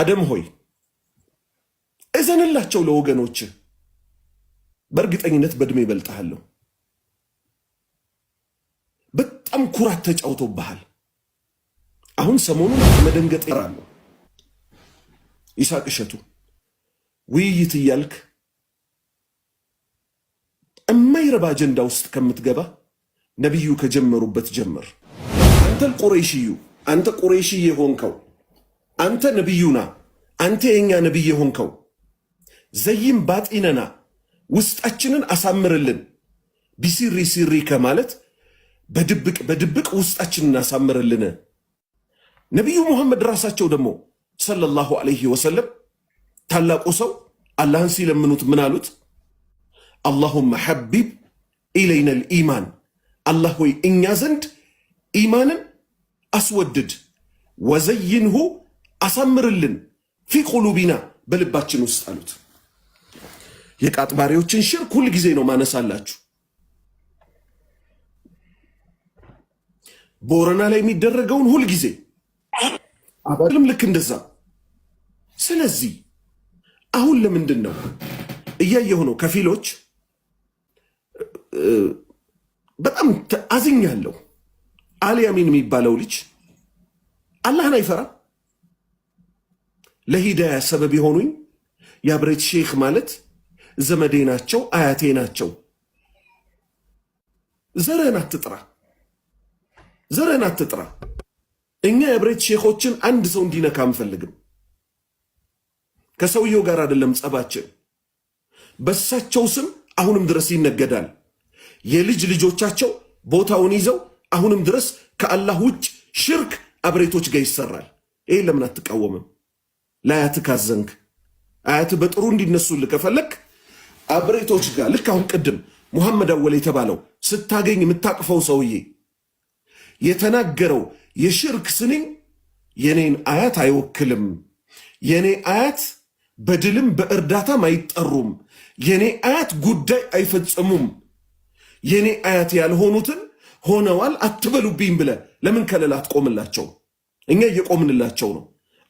አደም ሆይ እዘንላቸው ለወገኖች በእርግጠኝነት በእድሜ ይበልጥሃለሁ። በጣም ኩራት ተጫውቶብሃል። አሁን ሰሞኑን መደንገጥ ይራሉ። ይሳቅ እሸቱ ውይይት እያልክ የማይረባ አጀንዳ ውስጥ ከምትገባ ነቢዩ ከጀመሩበት ጀምር። አንተ ቁረይሽዩ አንተ ቁረይሽ የሆንከው አንተ ነቢዩና አንተ የኛ ነቢይ የሆንከው ዘይም ባጢነና ውስጣችንን አሳምርልን ቢሲሪ ሲሪ ከማለት በድብቅ በድብቅ ውስጣችንን አሳምርልን። ነቢዩ ሙሐመድ ራሳቸው ደግሞ ሰለላሁ አለይህ ወሰለም ታላቁ ሰው አላህን ሲለምኑት ምን አሉት? አላሁመ ሐቢብ ኢለይነል ኢማን፣ አላህ ሆይ እኛ ዘንድ ኢማንን አስወድድ፣ ወዘይንሁ አሳምርልን ፊ ቁሉቢና በልባችን ውስጥ አሉት። የቃጥባሪዎችን ሽርክ ሁል ጊዜ ነው ማነሳላችሁ። ቦረና ላይ የሚደረገውን ሁል ጊዜ አባልም ልክ እንደዛ። ስለዚህ አሁን ለምንድን ነው እያየሁ ነው ከፊሎች በጣም አዝኛለሁ። አልያሚን የሚባለው ልጅ አላህን አይፈራም። ለሂዳያ ሰበብ የሆኑኝ የአብሬት ሼክ ማለት ዘመዴ ናቸው፣ አያቴ ናቸው። ዘረን አትጥራ፣ ዘረን አትጥራ። እኛ የአብሬት ሼኮችን አንድ ሰው እንዲነካ አንፈልግም። ከሰውየው ጋር አይደለም ጸባችን። በሳቸው ስም አሁንም ድረስ ይነገዳል። የልጅ ልጆቻቸው ቦታውን ይዘው አሁንም ድረስ ከአላህ ውጭ ሽርክ አብሬቶች ጋር ይሰራል። ይሄ ለምን አትቃወምም? ለአያት ካዘንክ አያት በጥሩ እንዲነሱልህ ከፈለክ አብሬቶች ጋር ልክ አሁን ቅድም ሙሐመድ አወል የተባለው ስታገኝ የምታቅፈው ሰውዬ የተናገረው የሽርክ ስንኝ የኔን አያት አይወክልም። የኔ አያት በድልም በእርዳታም አይጠሩም። የኔ አያት ጉዳይ አይፈጽሙም። የኔ አያት ያልሆኑትን ሆነዋል አትበሉብኝ ብለ ለምን ከለላ አትቆምላቸው? እኛ እየቆምንላቸው ነው።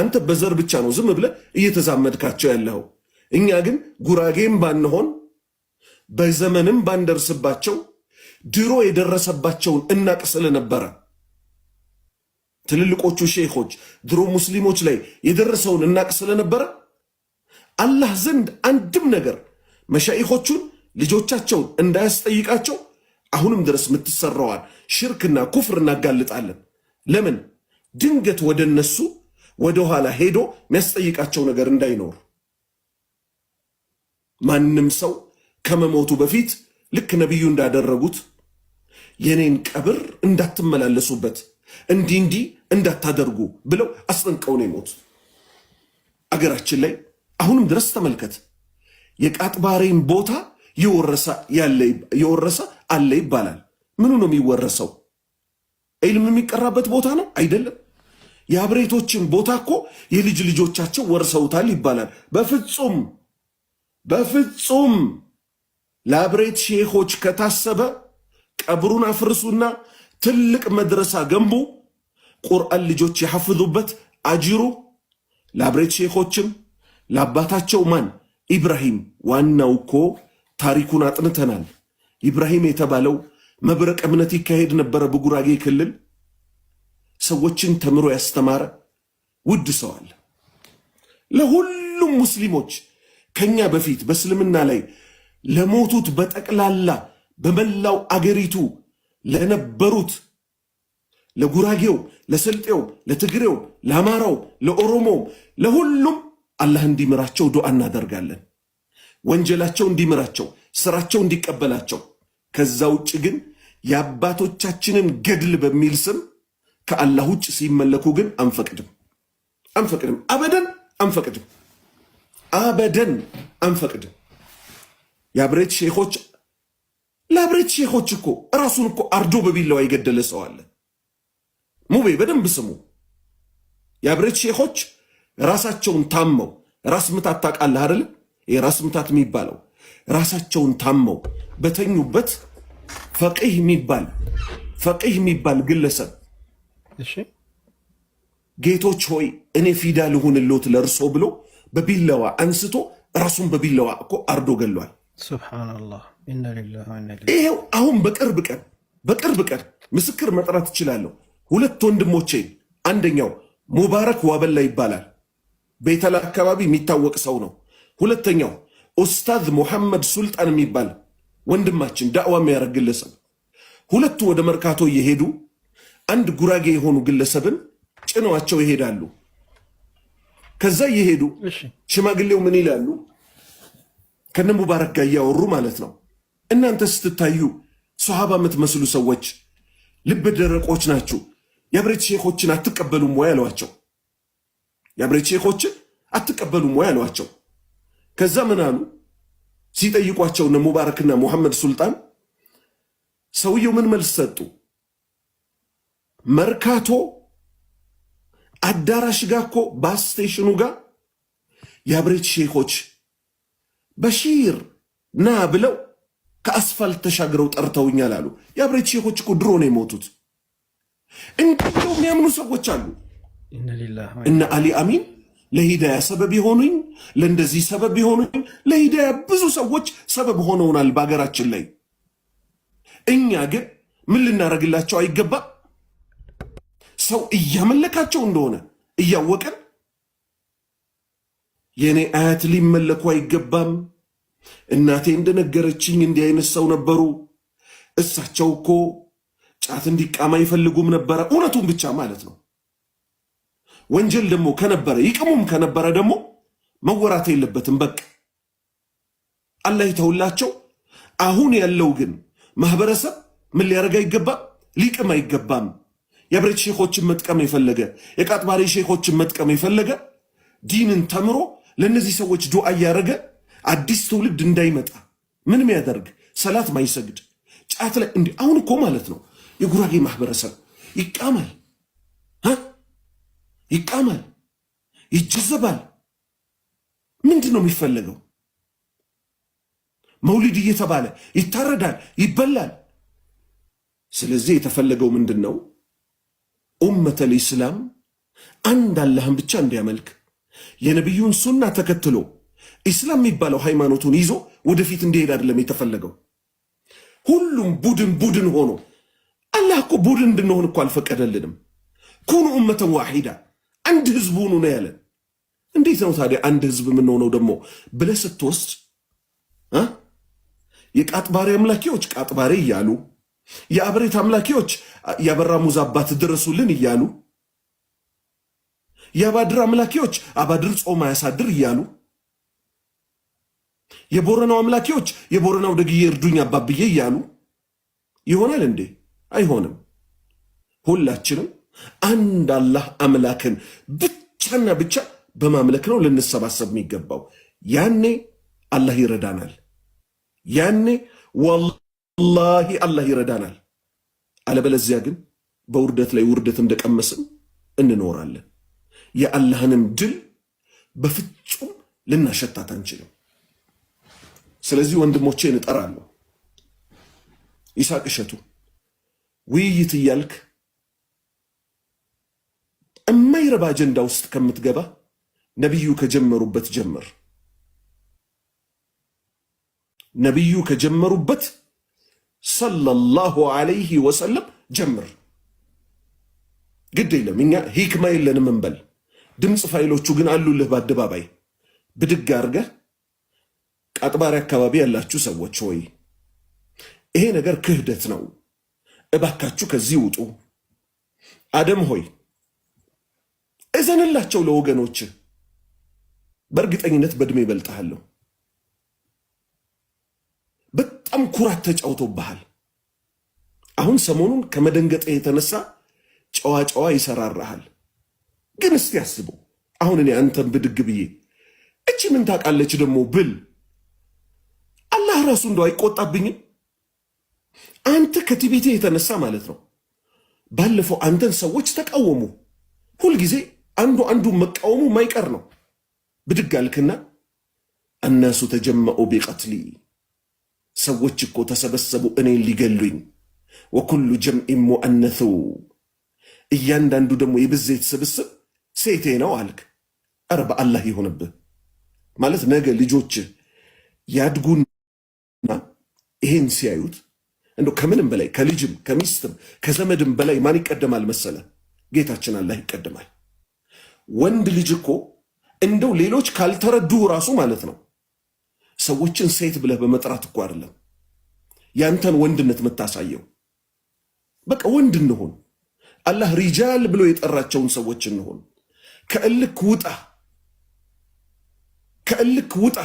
አንተ በዘር ብቻ ነው ዝም ብለህ እየተዛመድካቸው ያለው። እኛ ግን ጉራጌም ባንሆን በዘመንም ባንደርስባቸው ድሮ የደረሰባቸውን እናቅ ስለነበረ ትልልቆቹ ሼኮች ድሮ ሙስሊሞች ላይ የደረሰውን እናቅ ስለነበረ አላህ ዘንድ አንድም ነገር መሻይኾቹን ልጆቻቸውን እንዳያስጠይቃቸው አሁንም ድረስ የምትሰራዋል ሽርክና ኩፍር እናጋልጣለን። ለምን ድንገት ወደ እነሱ ወደኋላ ሄዶ የሚያስጠይቃቸው ነገር እንዳይኖር ማንም ሰው ከመሞቱ በፊት ልክ ነቢዩ እንዳደረጉት የኔን ቀብር እንዳትመላለሱበት እንዲህ እንዲህ እንዳታደርጉ ብለው አስጠንቀው ነው የሞት አገራችን ላይ አሁንም ድረስ ተመልከት። የቃጥባሬን ቦታ የወረሰ አለ ይባላል። ምኑ ነው የሚወረሰው? ዒልም የሚቀራበት ቦታ ነው አይደለም። የአብሬቶችን ቦታ እኮ የልጅ ልጆቻቸው ወርሰውታል ይባላል። በፍጹም በፍጹም ለአብሬት ሼሆች ከታሰበ ቀብሩን አፍርሱና ትልቅ መድረሳ ገንቡ፣ ቁርአን ልጆች ያሐፍዙበት አጅሩ ለአብሬት ሼሆችም ለአባታቸው ማን ኢብራሂም። ዋናው እኮ ታሪኩን አጥንተናል። ኢብራሂም የተባለው መብረቅ እምነት ይካሄድ ነበረ በጉራጌ ክልል ሰዎችን ተምሮ ያስተማረ ውድ ሰው አለ። ለሁሉም ሙስሊሞች ከኛ በፊት በእስልምና ላይ ለሞቱት በጠቅላላ በመላው አገሪቱ ለነበሩት ለጉራጌው፣ ለስልጤው፣ ለትግሬው፣ ለአማራው፣ ለኦሮሞው ለሁሉም አላህ እንዲምራቸው ዱዓ እናደርጋለን። ወንጀላቸው እንዲምራቸው፣ ስራቸው እንዲቀበላቸው። ከዛ ውጭ ግን የአባቶቻችንን ገድል በሚል ስም ከአላህ ውጭ ሲመለኩ ግን አንፈቅድም አንፈቅድም አበደን አንፈቅድም አበደን አንፈቅድም። የአብሬት ሼኮች ለአብሬት ሼኮች እኮ እራሱን እኮ አርዶ በቢላዋ የገደለ ሰው አለ። ሙቤ በደንብ ስሙ። የአብሬት ሼኮች ራሳቸውን ታመው ራስ ምታት ታውቃለህ አይደለ? ይህ ራስ ምታት የሚባለው ራሳቸውን ታመው በተኙበት ፈቂህ የሚባል ፈቂህ የሚባል ግለሰብ ጌቶች ሆይ እኔ ፊዳ ልሁንሎት ለእርሶ ብሎ በቢላዋ አንስቶ ራሱን በቢላዋ እኮ አርዶ ገሏል። ይሄው አሁን በቅርብ ቀን በቅርብ ቀን ምስክር መጥራት እችላለሁ። ሁለት ወንድሞቼ አንደኛው ሙባረክ ዋበላ ይባላል። ቤተላ አካባቢ የሚታወቅ ሰው ነው። ሁለተኛው ኡስታዝ ሙሐመድ ሱልጣን የሚባል ወንድማችን ዳዕዋ የሚያደርግልህ ሰው ሁለቱ ወደ መርካቶ እየሄዱ አንድ ጉራጌ የሆኑ ግለሰብን ጭነዋቸው ይሄዳሉ። ከዛ እየሄዱ ሽማግሌው ምን ይላሉ? ከነ ሙባረክ ጋር እያወሩ ማለት ነው። እናንተ ስትታዩ ሶሃባ የምትመስሉ ሰዎች ልብ ደረቆች ናችሁ፣ የብሬት ሼኮችን አትቀበሉም ወይ አሏቸው። የብሬት ሼኮችን አትቀበሉም ወይ አሏቸው። ከዛ ምን አሉ ሲጠይቋቸው እነ ሙባረክና ሙሐመድ ሱልጣን ሰውየው ምን መልስ ሰጡ? መርካቶ አዳራሽ ጋር እኮ ባስ ስቴሽኑ ጋር የአብሬት ሼኮች በሺር ና ብለው ከአስፋልት ተሻግረው ጠርተውኛል አሉ። የአብሬት ሼኮች እኮ ድሮ ነው የሞቱት። እንዲው የሚያምኑ ሰዎች አሉ። እነ አሊ አሚን ለሂዳያ ሰበብ የሆኑኝ ለእንደዚህ ሰበብ የሆኑኝ ለሂዳያ ብዙ ሰዎች ሰበብ ሆነውናል በሀገራችን ላይ። እኛ ግን ምን ልናደርግላቸው አይገባም? ሰው እያመለካቸው እንደሆነ እያወቀን የእኔ አያት ሊመለኩ አይገባም፣ እናቴ እንደነገረችኝ እንዲህ አይነት ሰው ነበሩ፣ እሳቸው እኮ ጫት እንዲቃማ አይፈልጉም ነበረ። እውነቱን ብቻ ማለት ነው። ወንጀል ደግሞ ከነበረ ይቅሙም ከነበረ ደግሞ መወራት የለበትም። በቃ አላህ ይተውላቸው። አሁን ያለው ግን ማህበረሰብ ምን ሊያደርግ አይገባም፣ ሊቅም አይገባም። የብሬት ሼኮችን መጥቀም የፈለገ የቃጥባሪ ሼኮችን መጥቀም የፈለገ ዲንን ተምሮ ለእነዚህ ሰዎች ዱዓ እያደረገ አዲስ ትውልድ እንዳይመጣ ምንም ያደርግ ሰላት ማይሰግድ ጫት ላይ እንዲ አሁን እኮ ማለት ነው የጉራጌ ማህበረሰብ ይቃማል፣ ይቃማል፣ ይጀዘባል። ምንድን ነው የሚፈለገው? መውሊድ እየተባለ ይታረዳል፣ ይበላል። ስለዚህ የተፈለገው ምንድን ነው? ኡመተል ኢስላም አንድ አላህን ብቻ እንዲያመልክ የነቢዩን ሱና ተከትሎ ኢስላም የሚባለው ሃይማኖቱን ይዞ ወደፊት እንዲሄድ አይደለም የተፈለገው። ሁሉም ቡድን ቡድን ሆኖ አላህ እኮ ቡድን እንድንሆን እኮ አልፈቀደልንም። ኩኑ ኡመተን ዋሂዳ አንድ ህዝብ ሁኑ ነው ያለን። እንዴት ነው ታዲያ አንድ ህዝብ የምንሆነው ደግሞ ብለህ ስትወስድ የቃጥባሪ አምላኪዎች ቃጥባሬ እያሉ የአብሬት አምላኪዎች ሙዝ አባት ድረሱልን እያሉ የአባድር አምላኪዎች አባድር ጾም አያሳድር እያሉ የቦረናው አምላኪዎች የቦረናው ደግዬ እርዱኝ አባብዬ እያሉ ይሆናል እንዴ? አይሆንም። ሁላችንም አንድ አላህ አምላክን ብቻና ብቻ በማምለክ ነው ልንሰባሰብ የሚገባው። ያኔ አላህ ይረዳናል። ያኔ ወላሂ አላህ ይረዳናል። አለበለዚያ ግን በውርደት ላይ ውርደት እንደቀመስም እንኖራለን። የአላህንም ድል በፍጹም ልናሸታት አንችልም። ስለዚህ ወንድሞቼ እንጠራለሁ። ይሳቅ እሸቱ ውይይት እያልክ የማይረባ አጀንዳ ውስጥ ከምትገባ ነቢዩ ከጀመሩበት ጀምር። ነቢዩ ከጀመሩበት ሰለላሁ አለይህ ወሰለም ጀምር። ግድ የለም እኛ ሂክማ የለንም እንበል። ድምፅ ፋይሎቹ ግን አሉልህ። በአደባባይ ብድግ አድርገህ ቃጥባሪ አካባቢ ያላችሁ ሰዎች ሆይ ይሄ ነገር ክህደት ነው፣ እባካችሁ ከዚህ ውጡ። አደም ሆይ እዘንላቸው ለወገኖች በእርግጠኝነት በእድሜ ይበልጥሃለሁ። በጣም ኩራት ተጫውቶብሃል። አሁን ሰሞኑን ከመደንገጠ የተነሳ ጨዋ ጨዋ ይሰራራሃል። ግን እስቲ አስበው አሁን እኔ አንተን ብድግ ብዬ እቺ ምን ታውቃለች ደግሞ ብል አላህ ራሱ እንደው አይቆጣብኝም? አንተ ከትቤቴ የተነሳ ማለት ነው። ባለፈው አንተን ሰዎች ተቃወሙ። ሁልጊዜ አንዱ አንዱ መቃወሙ ማይቀር ነው። ብድግ አልክና እነሱ ተጀመዑ ቢቀትሊ ሰዎች እኮ ተሰበሰቡ እኔን ሊገሉኝ። ወኩሉ ጀምዒን ሙአነሱ እያንዳንዱ ደግሞ የብዜት ስብስብ ሴቴ ነው አልክ። ኧረ በአላህ ይሆንብህ ማለት ነገ ልጆች ያድጉና ይሄን ሲያዩት እንዶ ከምንም በላይ ከልጅም ከሚስትም ከዘመድም በላይ ማን ይቀደማል መሰለ? ጌታችን አላህ ይቀደማል። ወንድ ልጅ እኮ እንደው ሌሎች ካልተረዱ ራሱ ማለት ነው ሰዎችን ሴት ብለህ በመጥራት እኮ አይደለም ያንተን ወንድነት የምታሳየው። በቃ ወንድ እንሆን፣ አላህ ሪጃል ብሎ የጠራቸውን ሰዎች እንሆን። ከእልክ ውጣ፣ ከእልክ ውጣ።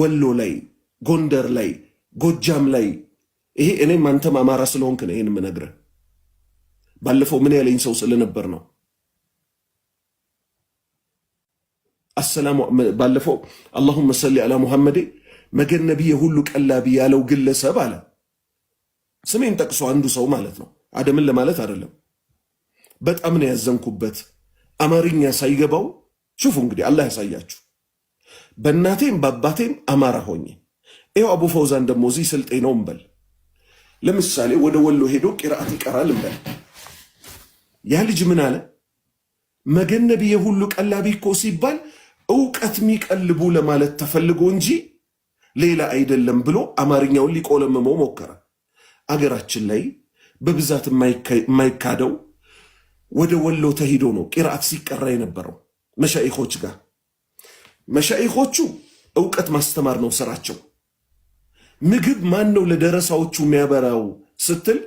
ወሎ ላይ፣ ጎንደር ላይ፣ ጎጃም ላይ ይሄ እኔም አንተም አማራ ስለሆንክ ነው ይህን የምነግርህ። ባለፈው ምን ያለኝ ሰው ስለነበር ነው ባለፈው አላሁመ ሰሊ አላ ሙሐመዴ መገነቢ የሁሉ ቀላቢ ያለው ግለሰብ አለ። ስሜን ጠቅሶ አንዱ ሰው ማለት ነው። አደምን ለማለት አይደለም። በጣም ነው ያዘንኩበት። አማርኛ ሳይገባው ሹፉ እንግዲህ አላህ ያሳያችሁ። በእናቴም በአባቴም አማራ ሆኜ ይኸው አቡ ፈውዛን ደግሞ እዚህ ስልጤ ነው እንበል። ለምሳሌ ወደ ወሎ ሄዶ ቂራአት ይቀራል እንበል። ያ ልጅ ምን አለ? መገነቢ የሁሉ ቀላቢ እኮ ሲባል እውቀት የሚቀልቡ ለማለት ተፈልጎ እንጂ ሌላ አይደለም ብሎ አማርኛውን ሊቆለምመው ሞከረ። አገራችን ላይ በብዛት የማይካደው ወደ ወሎ ተሂዶ ነው ቂርአት ሲቀራ የነበረው መሻይኾች ጋር። መሻይኾቹ እውቀት ማስተማር ነው ስራቸው። ምግብ ማን ነው ለደረሳዎቹ የሚያበራው ስትል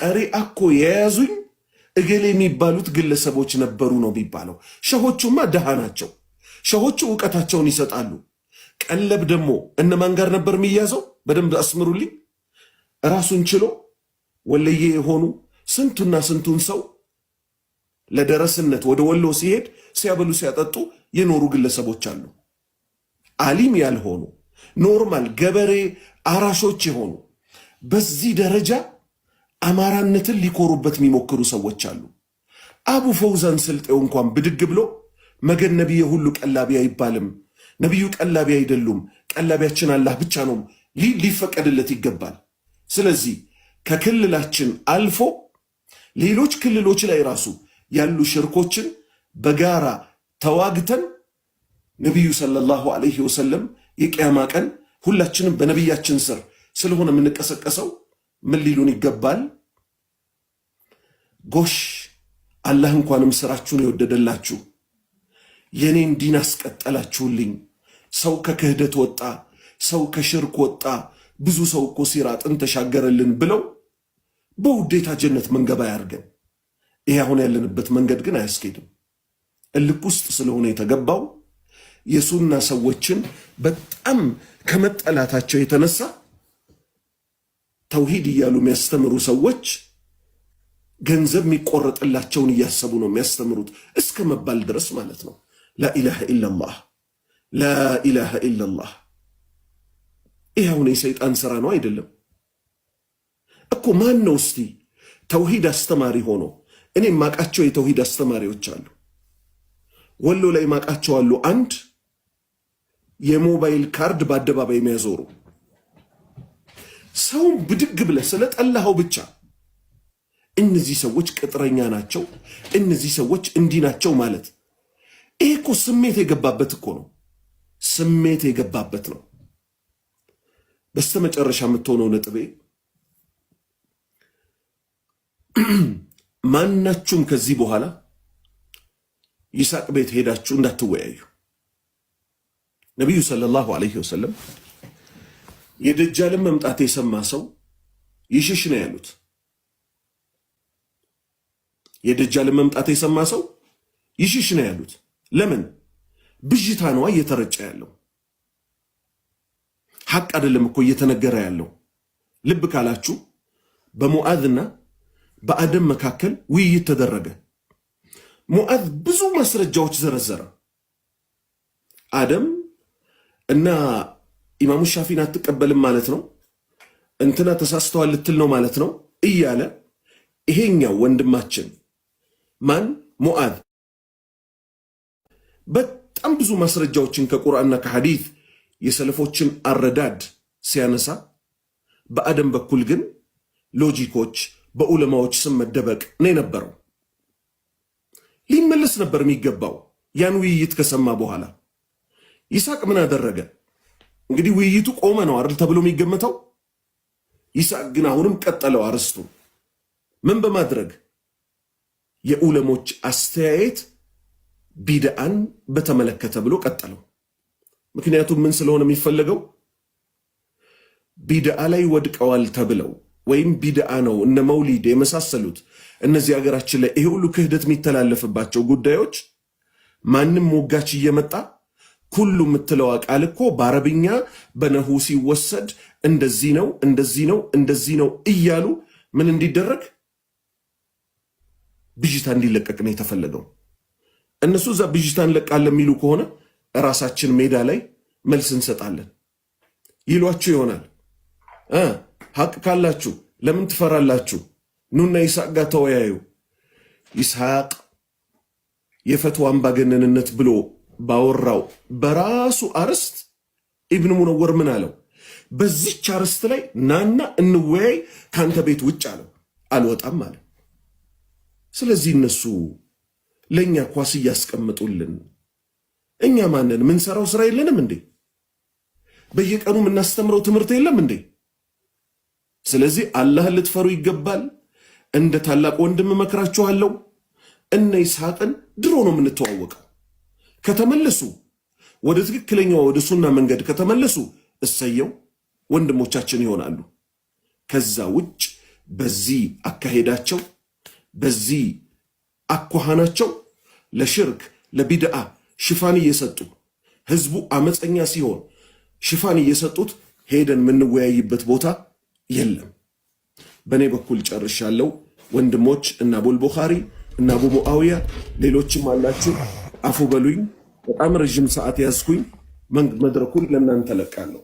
ቀሪአ እኮ የያዙኝ እገሌ የሚባሉት ግለሰቦች ነበሩ ነው የሚባለው። ሸሆቹማ ድሃ ናቸው። ሸሆቹ እውቀታቸውን ይሰጣሉ። ቀለብ ደግሞ እነማን ጋር ነበር የሚያዘው? በደንብ አስምሩልኝ። ራሱን ችሎ ወለየ የሆኑ ስንቱና ስንቱን ሰው ለደረስነት ወደ ወሎ ሲሄድ ሲያበሉ ሲያጠጡ የኖሩ ግለሰቦች አሉ። አሊም ያልሆኑ ኖርማል ገበሬ አራሾች የሆኑ በዚህ ደረጃ አማራነትን ሊኮሩበት የሚሞክሩ ሰዎች አሉ። አቡ ፈውዛን ስልጤው እንኳን ብድግ ብሎ መገን ነቢየ ሁሉ ቀላቢ አይባልም። ነቢዩ ቀላቢ አይደሉም። ቀላቢያችን አላህ ብቻ ነው፣ ሊፈቀድለት ይገባል። ስለዚህ ከክልላችን አልፎ ሌሎች ክልሎች ላይ ራሱ ያሉ ሽርኮችን በጋራ ተዋግተን ነቢዩ ሰለላሁ አለይህ ወሰለም የቅያማ ቀን ሁላችንም በነቢያችን ስር ስለሆነ የምንቀሰቀሰው ምን ሊሉን ይገባል? ጎሽ አላህ እንኳንም ስራችሁን የወደደላችሁ የኔን ዲን አስቀጠላችሁልኝ። ሰው ከክህደት ወጣ፣ ሰው ከሽርክ ወጣ፣ ብዙ ሰው እኮ ሲራጥን ተሻገረልን ብለው በውዴታ ጀነት መንገባ ያርገን። ይሄ አሁን ያለንበት መንገድ ግን አያስኬድም። እልክ ውስጥ ስለሆነ የተገባው የሱና ሰዎችን በጣም ከመጠላታቸው የተነሳ ተውሂድ እያሉ የሚያስተምሩ ሰዎች ገንዘብ የሚቆረጥላቸውን እያሰቡ ነው የሚያስተምሩት እስከ መባል ድረስ ማለት ነው። ላኢላሃ ኢላላህ ላኢላሃ ኢለላህ ይህ አሁን የሰይጣን ስራ ነው አይደለም እኮ። ማን ነው እስቲ ተውሂድ አስተማሪ ሆኖ? እኔ ማቃቸው የተውሂድ አስተማሪዎች አሉ፣ ወሎ ላይ ማቃቸው አሉ። አንድ የሞባይል ካርድ በአደባባይ የሚያዞሩ ሰውን ብድግ ብለህ ስለጠላኸው ብቻ እነዚህ ሰዎች ቅጥረኛ ናቸው፣ እነዚህ ሰዎች እንዲህ ናቸው ማለት ይህ እኮ ስሜት የገባበት እኮ ነው። ስሜት የገባበት ነው። በስተመጨረሻ የምትሆነው ነጥቤ ማናችሁም ከዚህ በኋላ ይስሐቅ ቤት ሄዳችሁ እንዳትወያዩ። ነቢዩ ሰለላሁ ዐለይሂ ወሰለም የደጃልን መምጣት የሰማ ሰው ይሽሽ ነው ያሉት። የደጃልን መምጣት የሰማ ሰው ይሽሽ ነው ያሉት። ለምን ብዥታ ነዋ እየተረጨ ያለው ሐቅ አይደለም እኮ እየተነገረ ያለው። ልብ ካላችሁ በሙአዝና በአደም መካከል ውይይት ተደረገ። ሙአዝ ብዙ ማስረጃዎች ዘረዘረ። አደም እና ኢማሙ ሻፊን አትቀበልም ማለት ነው፣ እንትና ተሳስተዋል ልትል ነው ማለት ነው እያለ ይሄኛው ወንድማችን ማን ሙአዝ በጣም ብዙ ማስረጃዎችን ከቁርአንና ከሐዲት የሰለፎችን አረዳድ ሲያነሳ በአደም በኩል ግን ሎጂኮች በዑለማዎች ስም መደበቅ ነው የነበረው። ሊመለስ ነበር የሚገባው ያን ውይይት ከሰማ በኋላ ይስሐቅ ምን አደረገ? እንግዲህ ውይይቱ ቆመ ነው አይደል ተብሎ የሚገመተው። ይስሐቅ ግን አሁንም ቀጠለው። አርስቱ ምን በማድረግ የዑለሞች አስተያየት ቢድአን በተመለከተ ብሎ ቀጠለው። ምክንያቱም ምን ስለሆነ የሚፈለገው ቢድአ ላይ ወድቀዋል ተብለው ወይም ቢድአ ነው እነ መውሊድ የመሳሰሉት እነዚህ ሀገራችን ላይ ይሄ ሁሉ ክህደት የሚተላለፍባቸው ጉዳዮች ማንም ሞጋች እየመጣ ኩሉ የምትለው ቃል እኮ በአረብኛ በነሁ ሲወሰድ እንደዚህ ነው እንደዚህ ነው እንደዚህ ነው እያሉ ምን እንዲደረግ ብዥታ እንዲለቀቅ ነው የተፈለገው። እነሱ እዛ ብዥታ እንለቃለን የሚሉ ከሆነ እራሳችን ሜዳ ላይ መልስ እንሰጣለን ይሏችሁ ይሆናል። ሀቅ ካላችሁ ለምን ትፈራላችሁ? ኑና ይስሐቅ ጋር ተወያዩ። ይስሐቅ የፈትዋ አምባገነንነት ብሎ ባወራው በራሱ አርዕስት ኢብን ሙነወር ምን አለው? በዚች አርዕስት ላይ ናና እንወያይ፣ ከአንተ ቤት ውጭ አለው። አልወጣም አለ። ስለዚህ እነሱ ለእኛ ኳስ እያስቀምጡልን እኛ ማንን ምንሰራው ስራ የለንም እንዴ? በየቀኑ የምናስተምረው ትምህርት የለም እንዴ? ስለዚህ አላህን ልትፈሩ ይገባል። እንደ ታላቅ ወንድም እመክራችኋለሁ። እነ ይስሐቅን ድሮ ነው የምንተዋወቀው። ከተመለሱ ወደ ትክክለኛው ወደ ሱና መንገድ ከተመለሱ እሰየው ወንድሞቻችን ይሆናሉ። ከዛ ውጭ በዚህ አካሄዳቸው፣ በዚህ አኳኋናቸው ለሽርክ ለቢድአ ሽፋን እየሰጡ ህዝቡ አመፀኛ ሲሆን ሽፋን እየሰጡት ሄደን የምንወያይበት ቦታ የለም። በእኔ በኩል ጨርሻለሁ። ወንድሞች እና አቡል ቡኻሪ እና አቡ ሙአውያ ሌሎችም አላችሁ፣ አፉ በሉኝ። በጣም ረዥም ሰዓት ያዝኩኝ። መድረኩን ለእናንተ ለቃለሁ።